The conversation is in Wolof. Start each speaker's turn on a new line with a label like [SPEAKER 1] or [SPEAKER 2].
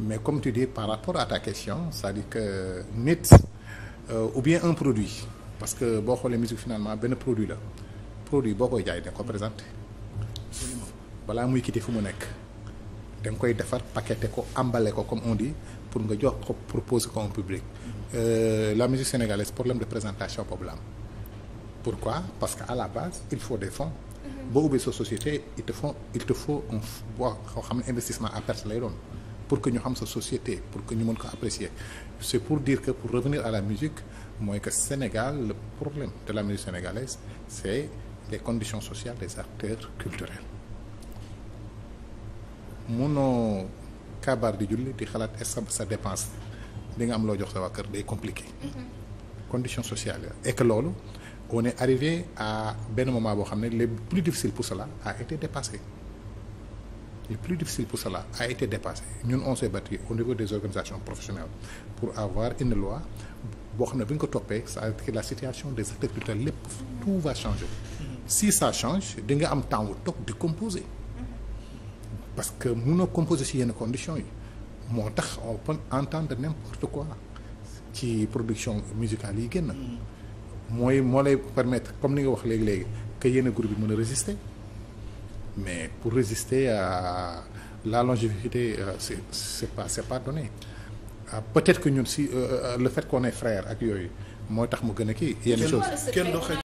[SPEAKER 1] mais comme tu dis par rapport à ta question c'est-à-dire que nit euh, ou bien un produit parce que boo xoolee musique finalement benn produit la produit boo koy jaay da nga ko présenté balaa muy quitté fu mu nekk da koy defar paqueté ko emballé ko comme on dit pour nga jox ko proposer ko en public euh, la musique sénégalaise problème de présentation boobu la am pourquoi parce que à la base il faut des fonds mhm. boo ubbee sa société il te faut il te faut un boo xam ne à perte lay doon pour que ñu xam sa société pour que ñu mën ko apprécier c'est pour dire que pour revenir à la musique mooy que Sénégal le problème de la musique sénégalaise c'est les conditions sociales des acteurs culturels munoo kabaar di julli di xalaat est-ce sa dépense di nga am loo jox sa waa kër day compliqué mm-hmm. conditions sociales et que loolu on est arrivé à benn moment boo xam ne les plus difficiles pour cela a été dépassé les plus difficiles pour cela a été dépassé ñun on s'est battu au niveau des organisations professionnelles pour avoir une loi boo xam ne bi nga ko toppee c'est-à-dire la situation des acteurs culturels lépp tout va changer mm-hmm. si ça change di nga am temps wu toog di composer mm-hmm. parce que mënoo composer si yenn condition yi moo tax on peut entendre n'importe quoi ci production musicale yi génn mm-hmm. mooy moo lay permettre comme ni nga wax léegi-léegi que yenn groupe yi mën a résister mais pour résister à la longévité euh, c'est c'est pas c'est pas donné ah, peut-être que ñun si euh, euh, le fait qu'on est ak yooyu mooy tax mu gën a kii yenn choses